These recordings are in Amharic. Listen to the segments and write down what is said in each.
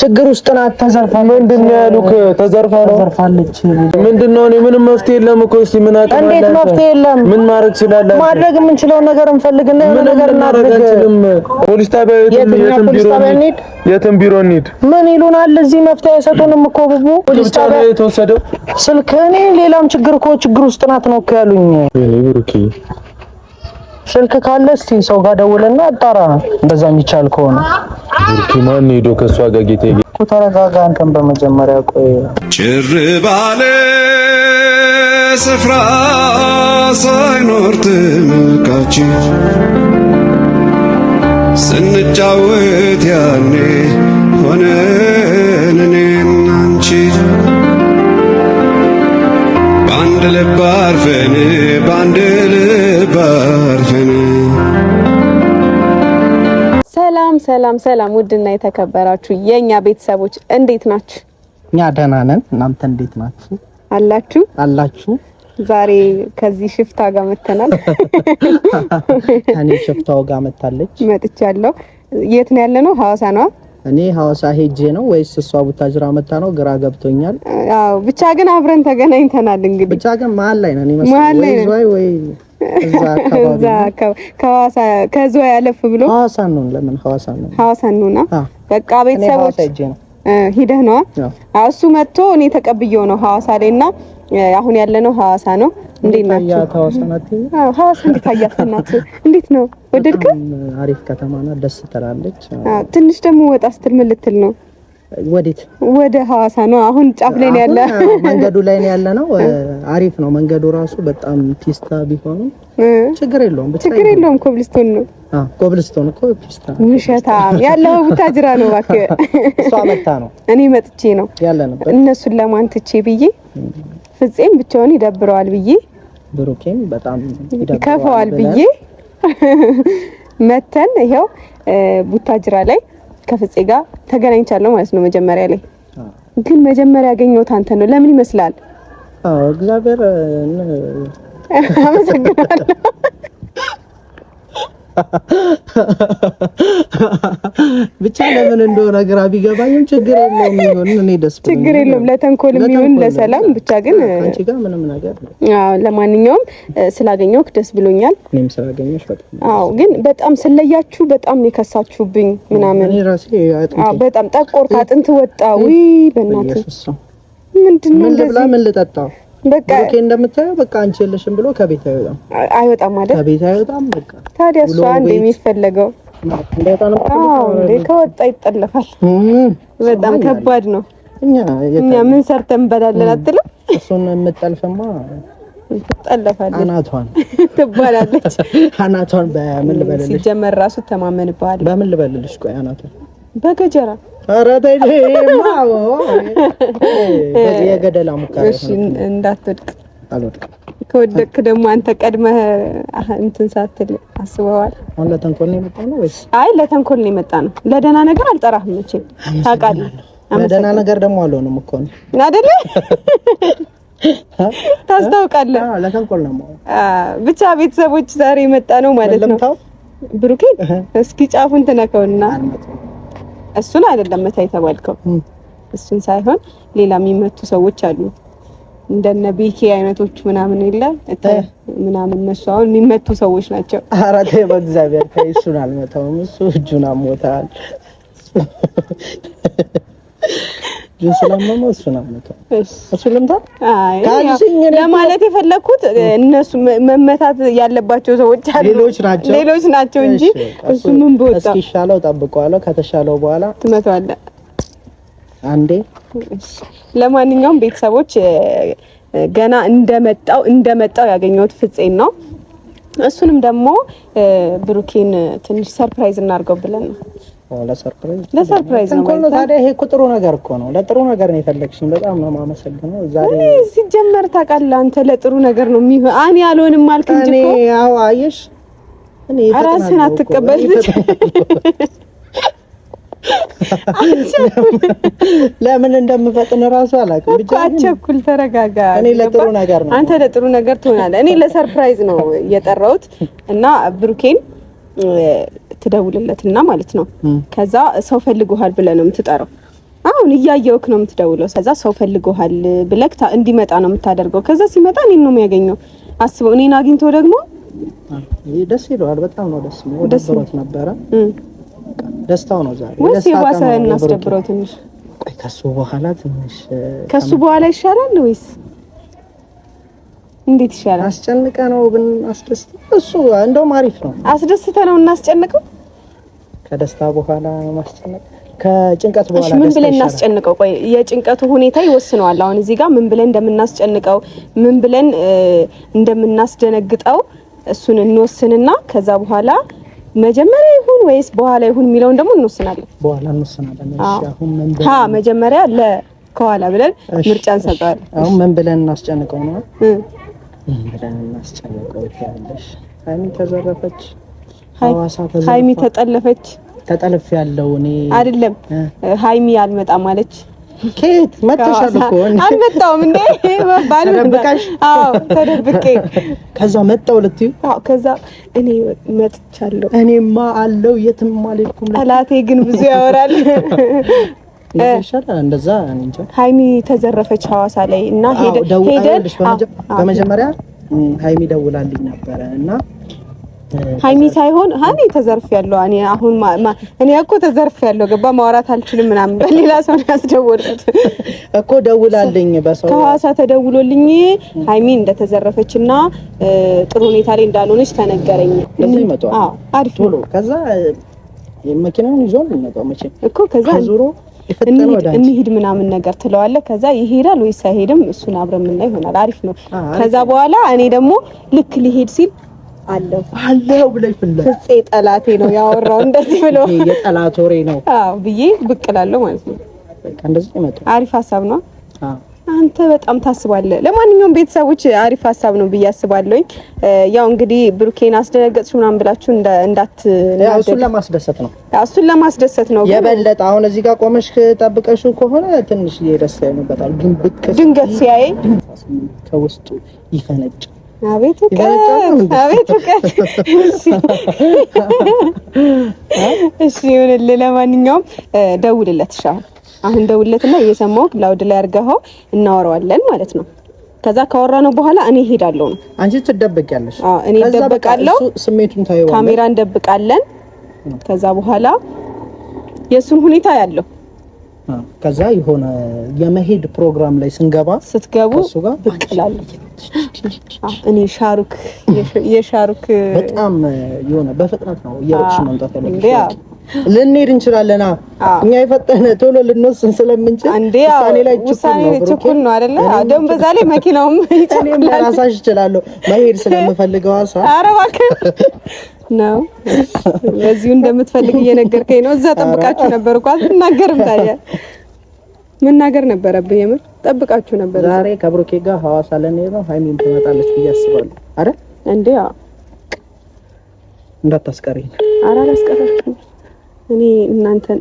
ችግር ውስጥ ናት። ተዘርፋ ምንድን ነው ያሉክ? ተዘርፋ ነው ተዘርፋለች። ምንድን ነው? እኔ ምንም መፍትሄ የለም እኮ። እስቲ ምን አቀማለ? እንዴት መፍትሄ የለም? ምን ማድረግ ስላለ ማድረግ የምንችለውን ነገር እንፈልግና የሆነ ነገር እናድርግ። ፖሊስ ጣቢያ የትም የትም ቢሮ እንሂድ፣ የትም ቢሮ እንሂድ። ምን ይሉናል? እዚህ መፍትሄ አይሰጡንም እኮ ብዙ ፖሊስ ጣቢያ የተወሰደው ስልክ። እኔ ሌላም ችግር እኮ ችግር ውስጥ ናት ነው እኮ ያሉኝ። ስልክ ካለ እስቲ ሰው ጋር ደውልና አጣራ። እንደዛ የሚቻል ከሆነ ብርቱ ማን ሄዶ ከሷ ጋር ጌቴ ተረጋጋ። አንተም በመጀመሪያ ቆይ ጭር ባለ ስፍራ ሳይኖር ትምካችን ስንጫወት ያ ሰላም ሰላም፣ ውድና የተከበራችሁ የኛ ቤተሰቦች እንዴት ናችሁ? እኛ ደህና ነን። እናንተ እንዴት ናችሁ? አላችሁ አላችሁ። ዛሬ ከዚህ ሽፍታ ጋር መተናል። እኔ ሽፍታው ጋር መታለች መጥቻለሁ። የት ነው ያለነው? ነው? ሐዋሳ ነው። እኔ ሐዋሳ ሄጄ ነው ወይስ እሷ ቡታጅራ መታ ነው? ግራ ገብቶኛል። አዎ፣ ብቻ ግን አብረን ተገናኝተናል። እንግዲህ ብቻ ግን መሀል ላይ ነን ይመስላል ወይ ወይ ከዛ ያለፍ ብሎ ሐዋሳን ነው። ለምን ነው? ሐዋሳን ነውና በቃ ቤተሰቦች ሂደህ ነው። አዎ እሱ መጥቶ እኔ ተቀብየው ነው ሐዋሳ ላይና አሁን ያለነው ሐዋሳ ነው። እንዴት ናችሁ? ሐዋሳ እንዴት እንዴት ነው? ወደድከው? አሪፍ ከተማ ናት። ደስ ትላለች። ትንሽ ደግሞ ወጣ ስትል ምን ልትል ነው? ወዴት ወደ ሐዋሳ ነው። አሁን ጫፍ ላይ ነው ያለ፣ መንገዱ ላይ ነው ያለ ነው። አሪፍ ነው መንገዱ ራሱ በጣም ፒስታ ቢሆኑ ችግር የለውም፣ ችግር የለውም። ኮብልስቶን ነው። አዎ ኮብልስቶን እኮ ፒስታ። ውሸታም ያለው ቡታጅራ ነው። እባክህ እሷ መታ ነው፣ እኔ መጥቼ ነው ያለ ነበር። እነሱን ለማን ትቼ ብዬ ፍፄም ብቻውን ይደብረዋል ብዬ ብሩኬም በጣም ይከፈዋል ብዬ መተን ይኸው ቡታጅራ ላይ ከፍፄ ጋር ተገናኝቻለሁ ማለት ነው። መጀመሪያ ላይ ግን መጀመሪያ ያገኘሁት አንተ ነው። ለምን ይመስላል? አዎ እግዚአብሔር አመሰግናለሁ። ብቻ ለምን እንደሆነ ግራ ቢገባኝም ችግር የለውም የሚሆን እኔ ደስ ችግር የለውም ለተንኮል የሚሆን ለሰላም ብቻ ግን አንቺ ጋር ምንም ነገር አዎ ለማንኛውም ስላገኘሁህ ደስ ብሎኛል እኔም ስላገኘሽ በጣም አዎ ግን በጣም ስለያችሁ በጣም የከሳችሁብኝ ምናምን እኔ ራሴ አጥንት አዎ በጣም ጠቆርክ አጥንት ወጣ ውይ በእናትህ ምንድን ነው ምን ልብላ ምን ልጠጣ በቃ ብሩኬ እንደምታየው በቃ አንቺ የለሽም ብሎ ከቤት አይወጣም አይወጣም ማለት ከቤት አይወጣም። በቃ ታዲያ እሱ እንደ የሚፈለገው እንደ ከወጣ ይጠለፋል። በጣም ከባድ ነው። እኛ ምን ሰርተን እንበላለን አትልም። እሱን የምጠልፍማ ትጠለፋለች፣ አናቷን ትባላለች። አናቷን በምን ልበልልሽ? ሲጀመር ራሱ ተማመንብሃል። በምን ልበልልሽ? ቆይ አናቷን በገጀራ የገደላ ሙከራ እንዳትወድቅ ከወደቅክ ደግሞ አንተ ቀድመህ እንትን ሳትል አስበዋል። አሁን ለተንኮል ነው የመጣ ነው ወይስ? አይ ለተንኮል ነው የመጣ ነው። ለደህና ነገር አልጠራህም መቼም ታውቃለህ። ለደህና ነገር ደግሞ አልሆንም እኮ ነው አይደለ? ታስታውቃለህ። ለተንኮል ነው ብቻ። ቤተሰቦች ዛሬ የመጣ ነው ማለት ነው። ብሩኬ እስኪ ጫፉን ትነከውና እሱን አይደለም መታ የተባልከው እሱን ሳይሆን ሌላ የሚመቱ ሰዎች አሉ፣ እንደነ ቤኪ አይነቶች ምናምን የለ ምናምን። እነሱ አሁን የሚመቱ ሰዎች ናቸው። ኧረ ተይ በእግዚአብሔር ተይ፣ እሱን አልመታውም። እሱ እጁን አሞታል። ስላመመ እሱን አምልጠው እሱ ልምታ ለማለት እነሱ መመታት ያለባቸው ሰዎች አሉ፣ ሌሎች ናቸው እንጂ እሱ ምን ጠብቀዋለሁ። ከተሻለው በኋላ አንዴ። ለማንኛውም ቤተሰቦች ገና እንደመጣው እንደመጣው ያገኘሁት ፍፄን ነው። እሱንም ደግሞ ብሩኬን ትንሽ ሰርፕራይዝ እናድርገው ብለን ነው ለሰርፕራይዝ ለሰርፕራይዝ ነው ታዲያ፣ ይሄ እኮ ጥሩ ነገር እኮ ነው። ለጥሩ ነገር ነው የፈለግሽኝ። በጣም ነው የማመሰግነው። ዛሬ ሲጀመር ታውቃለህ አንተ ለጥሩ ነገር ነው የሚሆን። እኔ አልሆንም አልክ እንጂ እኮ እኔ አዎ፣ አየሽ፣ እኔ ራስህን አትቀበል ብቻ ለምን እንደምፈጥን እራሱ አላውቅም። ብቻ አቸኩል፣ ተረጋጋ። እኔ ለጥሩ ነገር ነው አንተ ለጥሩ ነገር ትሆናለህ። እኔ ለሰርፕራይዝ ነው የጠራሁት እና ብሩኬን ትደውልለትና ማለት ነው። ከዛ ሰው ፈልጎሃል ብለህ ነው የምትጠራው። አሁን እያየውክ ነው የምትደውለው። ከዛ ሰው ፈልጎሃል ብለህ እንዲመጣ ነው የምታደርገው። ከዛ ሲመጣ እኔን ነው የሚያገኘው። አስበው፣ እኔን አግኝቶ ደግሞ ደስ ይለዋል። በጣም ነው ደስ ነው። ደስ ነው ነበረ። ደስታው ነው ዛሬ። ወይስ የባሰ እናስደብረው ትንሽ? ከሱ በኋላ ትንሽ ከሱ በኋላ ይሻላል ወይስ እንዴት ይሻላል? አስጨንቀ ነው ብን አስደስተ እሱ እንደውም አሪፍ ነው። አስደስተ ነው እናስጨንቀው። ከደስታ በኋላ ማስጨነቅ ከጭንቀት በኋላ ምን ብለን እናስጨንቀው? ቆይ የጭንቀቱ ሁኔታ ይወስነዋል። አሁን እዚህ ጋር ምን ብለን እንደምናስጨንቀው፣ ምን ብለን እንደምናስደነግጠው እሱን እንወስንና ከዛ በኋላ መጀመሪያ ይሁን ወይስ በኋላ ይሁን የሚለውን ደግሞ እንወስናለን። በኋላ እንወስናለን። እሺ አሁን ምን ብለን መጀመሪያ ለ ከኋላ ብለን ምርጫ እንሰጠዋለን። አሁን ምን ብለን እናስጨንቀው ነው ምህራን እናስጨነቀው ያለሽ ሀይሚ ተዘረፈች፣ ሀዋሳ ሀይሚ ተጠለፈች፣ ተጠልፍ ያለው እኔ አይደለም ሀይሚ አልመጣም አለች። ኬት መተሻል እኮ አልመጣሁም እንዴ አዎ ተደብቄ ከዛ መጣሁ ልትዩ። አዎ ከዛ እኔ መጥቻለሁ። እኔማ አለው የትም አልሄድኩም። ጠላቴ ግን ብዙ ያወራል ሀይሚ ተዘረፈች ሐዋሳ ላይ እና በመጀመሪያ ሀይሚ ደውላልኝ ነበረ እና ሀይሚ ሳይሆን እኔ ተዘርፍ ያለው እኔ አሁን እኔ እኮ ተዘርፍ ያለው ገባ ማውራት አልችልም ምናምን በሌላ ሰው ነው ያስደወልኩት እኮ ደውላልኝ። በሰው ከሐዋሳ ተደውሎልኝ ሀይሚ እንደተዘረፈች እና ጥሩ ሁኔታ ላይ እንዳልሆነች ተነገረኝ። አሪፍ ነው። ከዛ መኪናውን ይዞ ነው መጣው መቼ እኮ ከዛ ዙሮ እንሂድ ምናምን ነገር ትለዋለህ። ከዛ ይሄዳል ወይስ አይሄድም? እሱን አብረን ምና ይሆናል። አሪፍ ነው። ከዛ በኋላ እኔ ደግሞ ልክ ሊሄድ ሲል አለው አለው ብለሽ ፍለጋ ፍጼ ጠላቴ ነው ያወራው እንደዚህ ብሎ የጠላት ወሬ ነው አዎ ብዬ ብቅ እላለሁ ማለት ነው። በቃ እንደዚህ ነው። አሪፍ ሀሳብ ነው። አዎ አንተ በጣም ታስባለህ። ለማንኛውም ቤተሰቦች አሪፍ ሀሳብ ነው ብዬ አስባለሁኝ። ያው እንግዲህ ብሩኬን አስደነገጥሽ ምናምን ብላችሁ እንዳት እሱን ለማስደሰት ነው እሱን ለማስደሰት ነው የበለጠ አሁን እዚህ ጋር ቆመሽ ጠብቀሽ ከሆነ ትንሽ ደስ ይሆንበታል፣ ግን ብቅ ድንገት ሲያይ ከውስጡ ይፈነጭ። አቤት እውቀት አቤት እውቀት። እሺ ይሁንልህ። ለማንኛውም ደውልለት ሻል አሁን ደውለትና እየሰማሁህ ላውድ ላይ አድርገኸው እናወራዋለን ማለት ነው። ከዛ ካወራ ነው በኋላ እኔ እሄዳለሁ ነው። አንቺ ትደበቂያለሽ። አዎ እኔ እደበቃለሁ። ስሜቱን ታየዋለህ። ካሜራ እንደብቃለን። ከዛ በኋላ የእሱን ሁኔታ ያለው ከዛ የሆነ የመሄድ ፕሮግራም ላይ ስንገባ ስትገቡ ብቅ እላለሁ። እኔ ሻሩክ የሻሩክ በጣም የሆነ በፍጥነት ነው እየሮጥሽ መምጣት ያለብሽ ልንሄድ እንችላለና እኛ የፈጠነ ቶሎ ልንወስን ስለምንችል ውሳኔ ላይ ችኩል ነው ነው አይደለ? ደግሞ በዛ ላይ መኪናውም እኔም ለራሳሽ እችላለሁ መሄድ ስለምፈልገው አሳ ኧረ እባክህ ነው በዚሁ እንደምትፈልግ እየነገርከኝ ነው። እዛ ጠብቃችሁ ነበር እኮ አትናገርም። ታዲያ መናገር ነበረብህ። የምር ጠብቃችሁ ነበር። ዛሬ ከብሩኬ ጋር ሐዋሳ ለኔ ነው ሃይሚን ትመጣለች ብዬ አስባለሁ። አረ እንዴ እንዳታስቀሪኝ። አረ አላስቀራችሁም እኔ እናንተን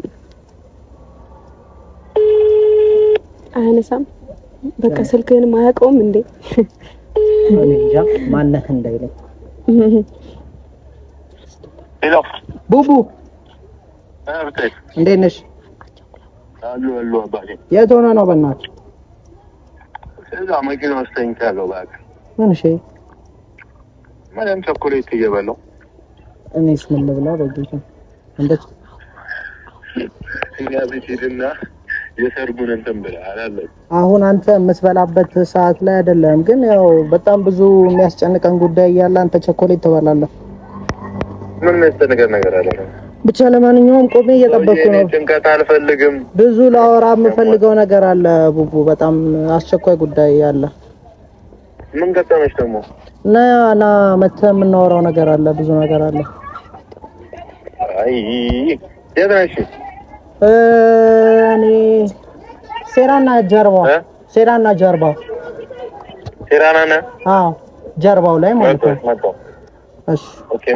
አያነሳም። በቃ ስልክህን አያውቀውም እንዴ? እንጃ ማነህ እንዳይለኝ። ሄሎ ቡቡ እንዴት ነሽ? የት ሆነህ ነው? በእናትህ እዛ መኪና ውስጥ ተኝቻለሁ። እባክህ ምን እሺ፣ ምንም ቸኮሌት እየበላሁ እኔስ ምን ልብላ በጌታ እንደት እኛ ቤት ሄድና የሰርጉን እንትን ብለህ አላለም። አሁን አንተ የምትበላበት ሰዓት ላይ አይደለም፣ ግን ያው በጣም ብዙ የሚያስጨንቀን ጉዳይ እያለ አንተ ቸኮሌት ትበላለህ። ምን የሚያስጨንቀን ነገር አለ? ብቻ ለማንኛውም ቆሜ እየጠበቅኩ ነው። ጭንቀት አልፈልግም። ብዙ ላወራ የምፈልገው ነገር አለ ቡቡ፣ በጣም አስቸኳይ ጉዳይ አለ። ምን ገጠመች ደግሞ? እና ና መተህ የምናወራው ነገር አለ፣ ብዙ ነገር አለ። አይ የት ነሽ? እኔ ሴራና ጀርባ ሴራና ጀርባ ሴራና አዎ ጀርባው ላይ ማለት ነው። እሺ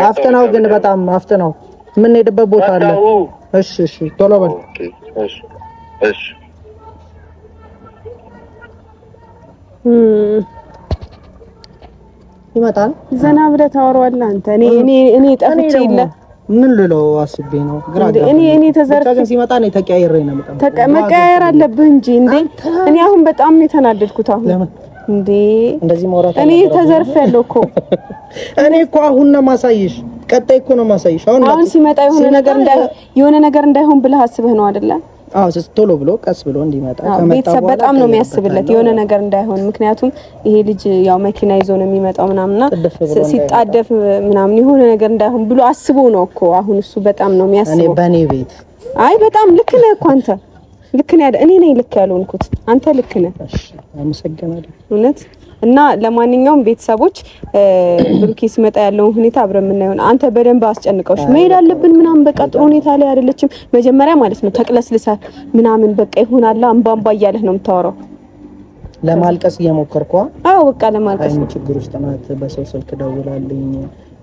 አፍጥነው ግን በጣም አፍጥነው የምንሄድበት ቦታ አለ። እሺ እሺ ቶሎ በል እሺ ይመጣል። ዘና ብለህ ታወራዋለህ አንተ እኔ እኔ እኔ ጠፍቼ የለ ምን ልለው አስቤ ነው ግራ እኔ እኔ ተዘርፈን ሲመጣ ነው ተቀያየረ ነው መቀያየር አለብህ እንጂ እንዴ እኔ አሁን በጣም የተናደድኩት አሁን ለምን እንዴ እንደዚህ ማውራት እኔ ተዘርፍ ያለው እኮ እኔ እኮ አሁን ነው ማሳይሽ ቀጣይ እኮ ነው ማሳይሽ አሁን አሁን ሲመጣ የሆነ ነገር እንዳይሆን ብለህ አስበህ ነው አይደለ አዎ ቶሎ ብሎ ቀስ ብሎ እንዲመጣ ቤተሰብ በጣም ነው የሚያስብለት የሆነ ነገር እንዳይሆን። ምክንያቱም ይሄ ልጅ ያው መኪና ይዞ ነው የሚመጣው ምናምና ሲጣደፍ ምናምን የሆነ ነገር እንዳይሆን ብሎ አስቦ ነው እኮ አሁን እሱ በጣም ነው የሚያስበው። በእኔ ቤት አይ በጣም ልክ ነህ እኮ አንተ ልክ ነህ። እኔ ነኝ ልክ ያልሆንኩት አንተ ልክ ነህ። አመሰግናለሁ እውነት እና ለማንኛውም ቤተሰቦች ብሩኬ ሲመጣ ያለውን ሁኔታ አብረን የምናየው አንተ በደንብ አስጨንቀውሽ መሄድ አለብን ምናምን በቃ ጥሩ ሁኔታ ላይ አይደለችም። መጀመሪያ ማለት ነው ተቅለስልሳ ምናምን በቃ ይሆናላ እምባምባ እያለህ ነው የምታወራው። ለማልቀስ እየሞከርኳ አዎ፣ በቃ ለማልቀስ ችግር ውስጥ ናት። በሰው ስልክ ደውላልኝ፣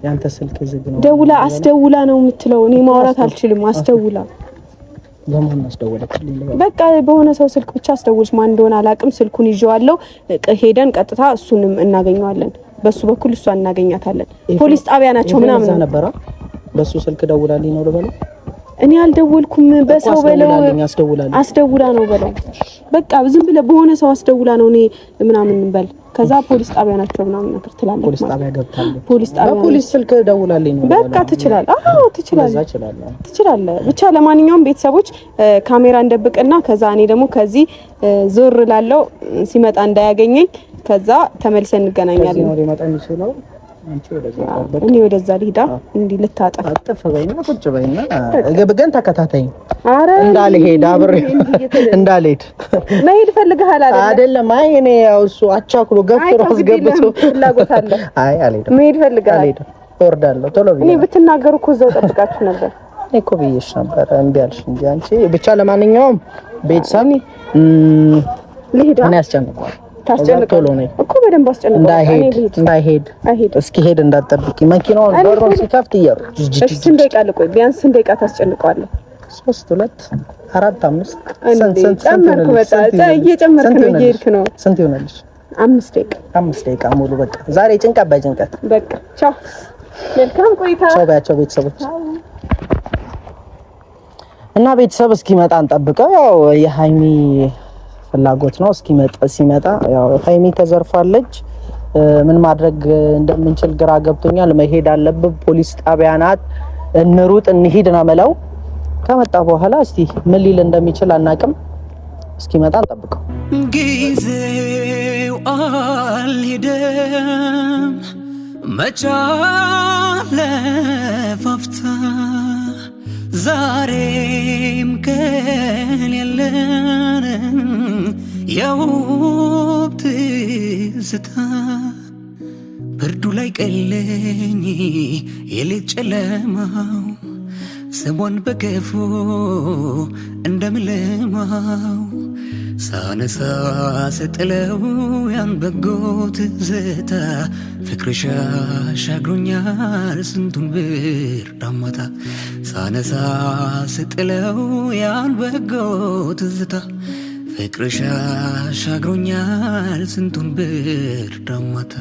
ያንተ ስልክ ዝግ ነው ደውላ አስደውላ ነው የምትለው። እኔ ማውራት አልችልም አስደውላ በቃ በሆነ ሰው ስልክ ብቻ አስደውልሽ። ማን እንደሆነ አላውቅም። ስልኩን ይዤዋለሁ። ሄደን ቀጥታ እሱንም እናገኘዋለን። በሱ በኩል እሷ እናገኛታለን። ፖሊስ ጣቢያ ናቸው ምናምን ነበረ። በሱ ስልክ ደውላልኝ ነው ልበለው እኔ አልደወልኩም። በሰው በለው አስደውላ ነው በለው። በቃ ዝም ብለህ በሆነ ሰው አስደውላ ነው እኔ ምናምን እንበል። ከዛ ፖሊስ ጣቢያ ናቸው ምናምን ነገር ትላለህ። ፖሊስ ጣቢያ ገብታለህ። ፖሊስ ጣቢያ ፖሊስ ስልክ ደውላልኝ ነው በቃ ትችላለህ። አዎ ትችላለህ፣ ትችላለህ። ብቻ ለማንኛውም ቤተሰቦች ካሜራ እንደብቅና ከዛ እኔ ደግሞ ከዚህ ዞር ላለው ሲመጣ እንዳያገኘኝ ከዛ ተመልሰን እንገናኛለን። እኔ ወደዛ ልሂዳ እንዲህ ልታጠፍ አጥፍ በይና ቁጭ በይና ግን ተከታተይኝ እንዳልሄድ አብሬ እንዳልሄድ መሄድ ፈልግሃል አይደለም አይ እኔ ያው እሱ አቻክሎ ገፍትሮ አስገብቶ አይ አልሄድም መሄድ ፈልግሃል አልሄድም እወርዳለሁ ቶሎ ብዬሽ እኔ ብትናገሩ እኮ እዛው ጠብቃችሁ ነበር እኔ እኮ ብዬሽ ነበር እምቢ አልሽ እንጂ አንቺ ብቻ ለማንኛውም ቤተሰብ ልሂዳ እኔ ታስጨንቀው እኮ በደንብ አስጨንቀው። እንዳይሄድ እንዳይሄድ እስኪሄድ እንዳትጠብቂ። መኪናውን በሩን ሲከፍት እያሉ እሺ፣ ቢያንስ ስንት ታስጨንቀዋለሁ? ሶስት ሁለት አራት አምስት ስንት ይሆናልሽ? አምስት ደቂቃ አምስት ደቂቃ ሙሉ በቃ ዛሬ ጭንቀት በጭንቀት በቃ። ቻው፣ መልካም ቆይታ። ቻው በያቸው ቤተሰቦች እና ቤተሰብ እስኪመጣ እንጠብቀው። ያው የሀይሚ ፍላጎት ነው። እስኪመጣ ሲመጣ ያው ሀይሚ ተዘርፋለች። ምን ማድረግ እንደምንችል ግራ ገብቶኛል። መሄድ አለብን። ፖሊስ ጣቢያ ናት። እንሩጥ፣ እንሂድ ነው የምለው። ከመጣ በኋላ እስቲ ምን ሊል እንደሚችል አናቅም። እስኪመጣ እንጠብቀው። ጊዜው አልሄደም መቻለፋፍታ ዛሬም ቀን የውብ ትዝታ ብርዱ ላይ ቀለኝ የሌት ጨለማው ስሟን በገፎ እንደምለማው ሳነሳ ስጥለው ያን በጎ ትዝታ ፍቅርሽ አሻግሮኛል ስንቱን ብርድ አማታ ሳነሳ ስጥለው ያን በጎ ትዝታ ፍቅርሽ አሻግሮኛል ስንቱን ብርድ አሟታ።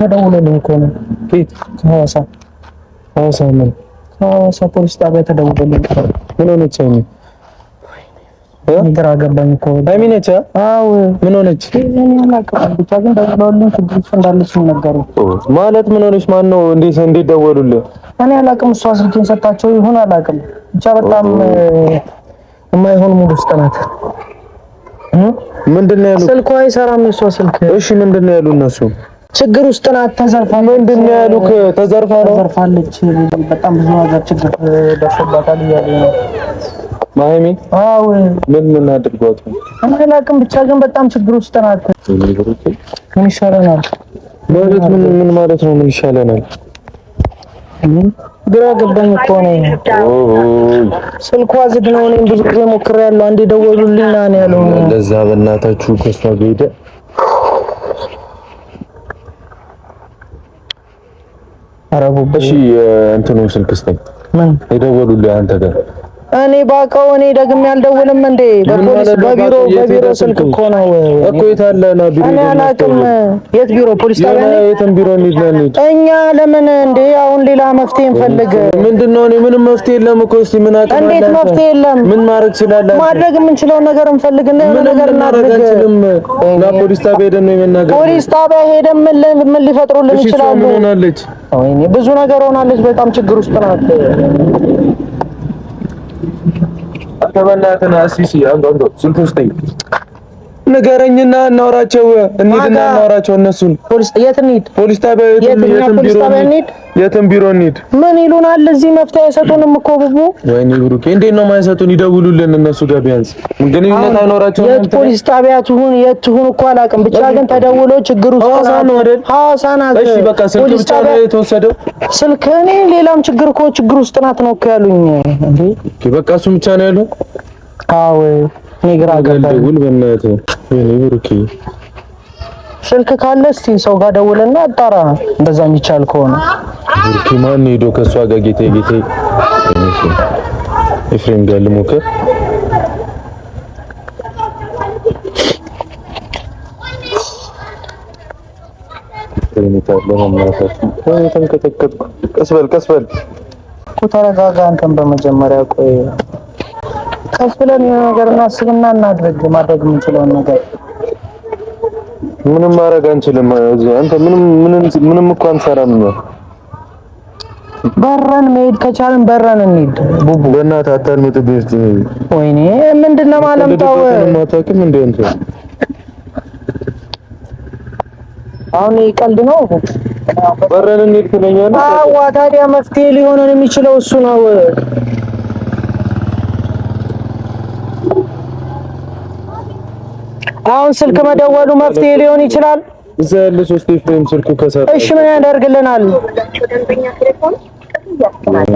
ተደውሎልኝ እኮ ነው ቤት ከሐዋሳ ምን ከሐዋሳ ፖሊስ ጣቢያ ተደውሎልኝ ምን ሆነች ግራ ገባኝ እኮ ሀይሚ ነች። አዎ ምን ሆነች? ብቻ ግን ችግር ውስጥ እንዳለች ነገሩ ማለት ምን ሆነች? ማን ነው? እንዴት እንዴት ደወሉልህ? እኔ አላውቅም። እሷ ስልኬን ሰጣቸው ይሁን አላውቅም። ብቻ በጣም የማይሆን ሙድ ውስጥ ናት። ምንድን ነው ያሉት? ስልኳ አይሰራም የእሷ ስልክ። እሺ ምንድን ነው ያሉት እነሱ? ችግር ውስጥ ናት። ተዘርፋለች። ምንድን ነው ያሉት? ተዘርፋ ነው ተዘርፋለች። በጣም ብዙ ነገር ችግር ደርሶባታል እያሉ ነው ማሚ አዎ፣ ምን ምን አድርጓት አላውቅም። ብቻ ግን በጣም ችግር ውስጥ ናት። ምን ይሻለናል ማለት ምን ምን ማለት ነው? ምን ይሻለናል? ግራ ገባኝ እኮ ነው። ስልኳ ዝግ ነው። እኔም ብዙ ጊዜ ሞክሬያለሁ። አንዴ ደወሉልኝ ና ነው ያለው። ለዛ በእናታችሁ ከሷ ሄደ አረቡ። እሺ እንትኑን ስልክ ስተኝ ምን የደወሉልኝ አንተ ጋር እኔ ባውቀው እኔ ደግሜ አልደውልም እንዴ? በፖሊስ በቢሮ በቢሮ ስልክ እኮ ነው እኮ። የት አለ ነው ቢሮ? እኔ አላውቅም። የት ቢሮ? ፖሊስ ጣቢያ ነው። የትም ቢሮ እኛ ለምን እንዴ? አሁን ሌላ መፍትሄ እንፈልግ። ምንድነው? እኔ ምንም መፍትሄ የለም እኮ። እስቲ ምን አቀና? እንዴት መፍትሄ የለም? ምን ማድረግ ይችላል? ማድረግ የምንችለው ነገር እንፈልግ እና የሆነ ነገር እናድርግ። እና ፖሊስ ጣቢያ ሄደን ነው የምናገር። ፖሊስ ጣቢያ ሄደን ምን ምን ሊፈጥሩልን ይችላሉ? ብዙ ነገር ሆናለች። በጣም ችግር ውስጥ ናት። አንተ በእናትህ ና እስኪ አንዱ አንዱ ስልክ ውስጥ ንገረኝና እናውራቸው፣ እንሂድና እናውራቸው። እነሱን ፖሊስ የት እንሂድ? ፖሊስ ጣቢያ የት? የትም ቢሮ እንሂድ። ምን ይሉናል? እዚህ መፍትሄ አይሰጡንም እኮ ቡቡ። ወይኔ ብሩኬ፣ እንዴት ነው ማይሰጡን? ይደውሉልን እነሱ ጋር ቢያንስ ምን ግንኙነት አይኖራቸውም። የት ፖሊስ ጣቢያ ትሁን የት ትሁን እኮ አላውቅም፣ ብቻ ግን ተደውሎ ችግሩ ሐዋሳ ነው አይደል? ሐዋሳ ናት። እሺ በቃ ስልክ ብቻ ነው የተወሰደው ስልክ። እኔ ሌላም ችግር እኮ ችግር ውስጥ ናት ነው እኮ ያሉኝ። እንዴ በቃ እሱ ብቻ ነው ያለው። አዎ እኔ ግራ ገባኝ። በእናትህ ስልክ ካለ እስቲ ሰው ጋር ደውልና አጣራ፣ እንደዛ የሚቻል ከሆነ ብርኪ። ማን ሄዶ ከእሷ ጋር ጌቴ ጌቴ ኤፍሬም ጋር ልሞክር። ቀስ በል ቀስ በል እኮ ተረጋጋ፣ አንተን በመጀመሪያ ቆይ ቀስ ብለን የሆነ ነገር እናስብና እናድርግ ማድረግ የምንችለውን ነገር። ምንም ማድረግ አንችልም። አንተ ምንም ምንም ምንም እኮ አንሰራም። በረን መሄድ ከቻልን በረን እንሂድ። ቡቡ በእናትህ አታልምጥብኝ እስኪ። ወይኔ ምንድን ነው የማለምጠው? አታውቅም እንደ አንተ አሁን ቀልድ ነው። በረን እንሂድ ትለኛለህ። ታዲያ መፍትሄ ሊሆነን የሚችለው እሱ ነው። አሁን ስልክ መደወሉ መፍትሄ ሊሆን ይችላል። እዛ ያለ ሶስት ኤፍሬም ስልኩ ከሰራ እሺ ምን ያደርግልናል?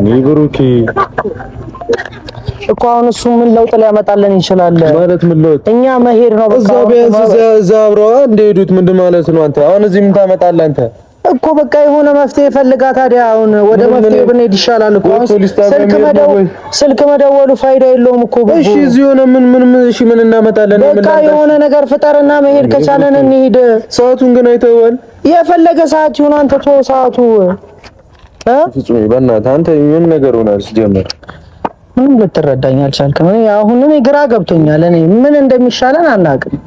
እኔ ብሩኬ እኮ አሁን እሱ ምን ለውጥ ሊያመጣልን ይችላል? ማለት ምን ለውጥ? እኛ መሄድ ነው በቃ። እዛ ቢያንስ እዛ አብረዋ እንደሄዱት ምንድን ማለት ነው? አንተ አሁን እዚህ ምን ታመጣለህ አንተ? እኮ በቃ የሆነ መፍትሄ ፈልጋ ታዲያ። አሁን ወደ መፍትሄ ብንሄድ ይሻላል እኮ ስልክ መደወሉ ፋይዳ የለውም እኮ። እሺ እዚህ የሆነ ምን ምን እሺ ምን እናመጣለን? በቃ የሆነ ነገር ፍጠርና መሄድ ከቻለን እንሂድ። ሰዓቱን ግን አይተዋል። የፈለገ ሰዓት ይሁን አንተ ቶ ሰዓቱ ፍጹም በእናትህ አንተ ምን ነገር ሆናል? ሲጀመር ምንም ልትረዳኝ አልቻልክም። እኔ አሁን ግራ ገብቶኛል። እኔ ምን እንደሚሻለን አናውቅም።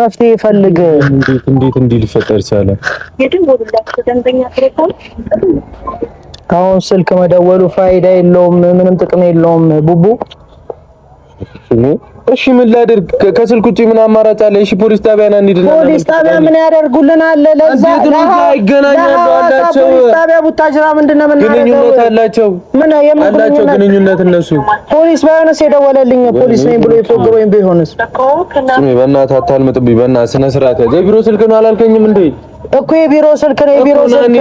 መፍትሄ ፈልግ። እንዴት እንዲህ ሊፈጠር ቻለ? አሁን ስልክ መደወሉ ፋይዳ የለውም፣ ምንም ጥቅም የለውም ቡቡ እሺ ምን ላድርግ? ከስልክ ውጪ ምን አማራጭ አለ? እሺ ፖሊስ ጣቢያ ና እንሂድና፣ ፖሊስ ጣቢያ ምን ያደርጉልናል? ለዛ ለዛ ይገናኛሉ አላቸው። ፖሊስ ጣቢያ ቡታጅራ ምንድን ነው ግንኙነት አላቸው። ምን የምን አላቸው ግንኙነት እነሱ ፖሊስ ባይሆንስ የደወለልኝ ፖሊስ ነኝ ብሎ የፎገረኝ ቢሆንስ? ስሚ በእናትህ አታልምጥብኝ፣ በእናትህ ስነ ስርዓት ያዘ። ቢሮ ስልክ ነው አላልከኝም እንዴ? እኮ የቢሮ ስልክ ነው የቢሮ ስልክ።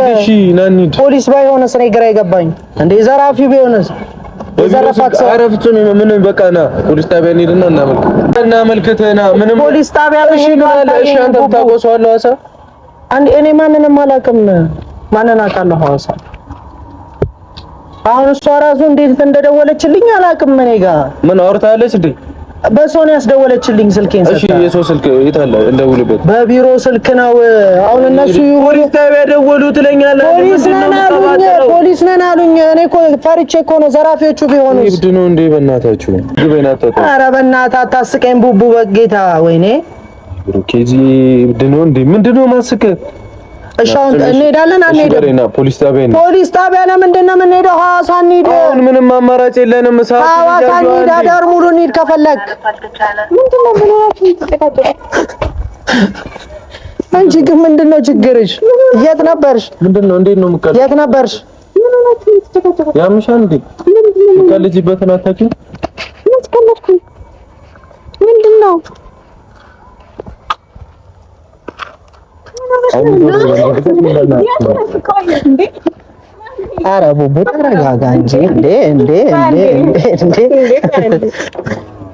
ፖሊስ ባይሆንስ ነው ግራ የገባኝ እንዴ? ዘራፊው ቢሆንስ እረፍቱን በቃ ና ፖሊስ ጣቢያ እንሂድና እናመልክት እናመልክት ና ምንም ፖሊስ ጣቢያ እሺ እሺ አንተ ታቆሰዋለህ ሐዋሳ አንድ እኔ ማንንም አላውቅም። ማንን አውቃለሁ ሐዋሳ አሁን እሷ ራሱ እንዴት እንደደወለችልኝ አላውቅም። እኔ ጋር ምን አውርታለች እንዴ? በሰው ያስደወለችልኝ። ስልኬን ሰጣ። እሺ የሰው ስልክ የት አለ? እንደውልበት በቢሮ ስልክ ነው። አሁን እነሱ ፖሊስ ጣቢያ ደወሉ ትለኛለህ። ፖሊስ ነን አሉኝ። እኮ ፈርቼ እኮ ነው። ዘራፊዎቹ ቢሆኑ ይብድ ነው እንዴ? በእናታችሁ አረ በእናታ አታስቀኝ ቡቡ፣ በጌታ ወይኔ። ኬዚ ይብድ ነው እንዴ? ምንድን ነው ማስቀህ? እሺ አሁን እንሄዳለን አንሄድም? ፖሊስ ጣቢያ ነው። ፖሊስ ጣቢያ ለምንድን ነው የምንሄደው? ሐዋሳ እንሂድ። አሁን ምንም አማራጭ የለንም። ሰዓት ሐዋሳ እንሂድ፣ አዳር ሙሉ እንሂድ ከፈለግ። ምንድን ነው የምንሆናችሁ? አንቺ ግን ምንድን ነው ችግርሽ? የት ነበርሽ? ምንድን ነው እንዴት ነው የምትቀር? የት ነበርሽ? ያምሻል ምንድነው የምትቀልጂበትን አታውቂም? ምንድን ቡቡ ተረጋጋ እንጂ እንዴ! እንዴ! እንዴ! እንዴ!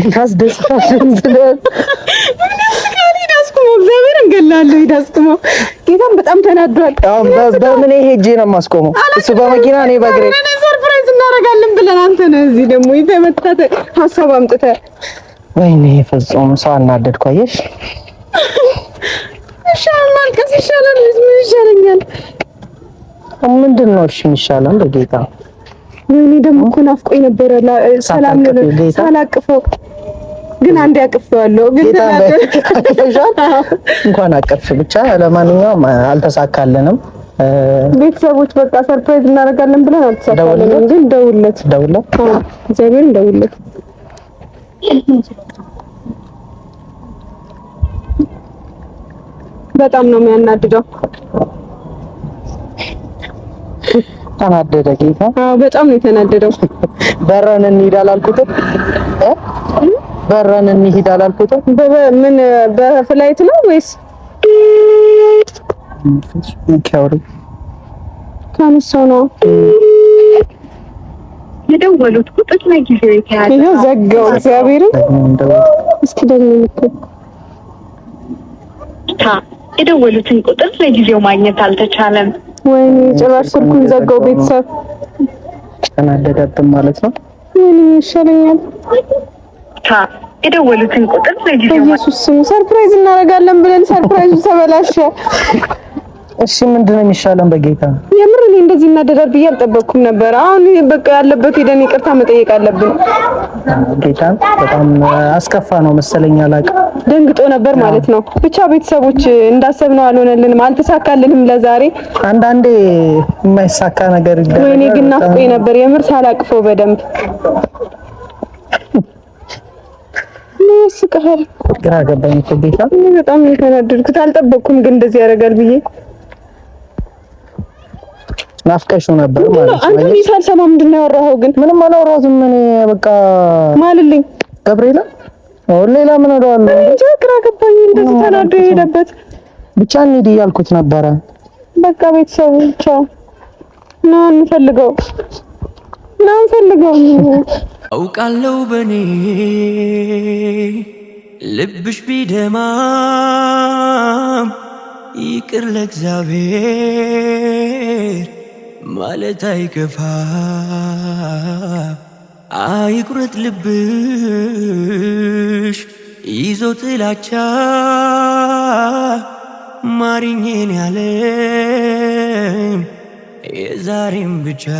እናስደስታለን ስለን ዳስኩሞ ጌታም በጣም ተናዷል። በምን ሄጄ ነው የማስቆመው? እሱ በመኪና እኔ በእግሬ ሰርፕራይዝ እናደርጋለን ብለን አንተ ነህ እዚህ ደግሞ የተመታተ ሀሳብ አምጥተህ ወይኔ ሰው አናደድኩ። አየሽ ይሻላል፣ ማልቀስ ይሻላል። ምን ይሻለኛል? ምንድን ነው እሺ በጌታ ወይኔ ደግሞ እኮ ናፍቆኝ ነበረ ሰላም ሳላቅፈው ግን አንድ ያቅፈዋለሁ። ግን እንኳን አቀፍሽ ብቻ። ለማንኛውም አልተሳካልንም። ቤተሰቦች በቃ ሰርፕራይዝ እናደርጋለን ብለን አልተሳካልንም። ግን ደውለት ደውለት፣ እግዚአብሔርን ደውለት። በጣም ነው የሚያናድደው። ተናደደ ጌታ። አዎ በጣም ነው የተናደደው። በረን እንሂድ አላልኩትም? በረን እንሂድ አላልኩትም? ምን በፍላይት ነው ወይስ ኢንካውሪ ካንሰው ነው የደወሉት ቁጥር ላይ ጊዜ የተያዘ ይሄ ዘጋው። እግዚአብሔር እስኪ ደግሞ የደወሉትን ቁጥር ለጊዜው ማግኘት አልተቻለም። ወይኔ ጭራሽ ስልኩን ዘጋው። ቤተሰብ ተናደዳትም ማለት ነው። ምን ይሻለኛል? የደወሉትን ቁጥር ለጊዜው ሰርፕራይዝ እናደርጋለን ብለን ሰርፕራይዙ ተበላሸ። እሺ ምንድነው የሚሻለን? በጌታ የምር እኔ እንደዚህ እናደዳል ብዬ አልጠበቅኩም ነበር። አሁን በቃ ያለበት ሄደን ይቅርታ መጠየቅ አለብን። ጌታ በጣም አስከፋ ነው መሰለኝ፣ አላውቅም። ደንግጦ ነበር ማለት ነው። ብቻ ቤተሰቦች እንዳሰብነው አልሆነልንም፣ አልተሳካልንም ለዛሬ። አንዳንዴ የማይሳካ ነገር ይደረጋል። ወይኔ ግን ናፍቆኝ ነበር የምር ሳላቅፈው በደንብ ስቀል ግራ ገባኝ። በጣም የተናደድኩት አልጠበቅኩም፣ ግን እንደዚህ ያደርጋል ብዬ ናፍቀሽው ነበር ማለት ነው። አንተ ሳልሰማ ምንድን ነው ያወራኸው? ግን ምንም አላወራሁትም እኔ በቃ ማልልኝ ገብርኤል አሁን ሌላ ምን አደዋለሁ? እንጃ ግራ ገባኝ። እንደዚህ ተናዶ የሄደበት ብቻ እንሂድ እያልኩት ነበረ። በቃ ቤተሰቡ ቻው ና እንፈልገው ና እንፈልገው። አውቃለሁ በኔ ልብሽ ቢደማም ይቅር ለእግዚአብሔር ማለት አይከፋ አይቁረጥ ልብሽ ይዞ ጥላቻ ማሪኝን ያለ የዛሬም ብቻ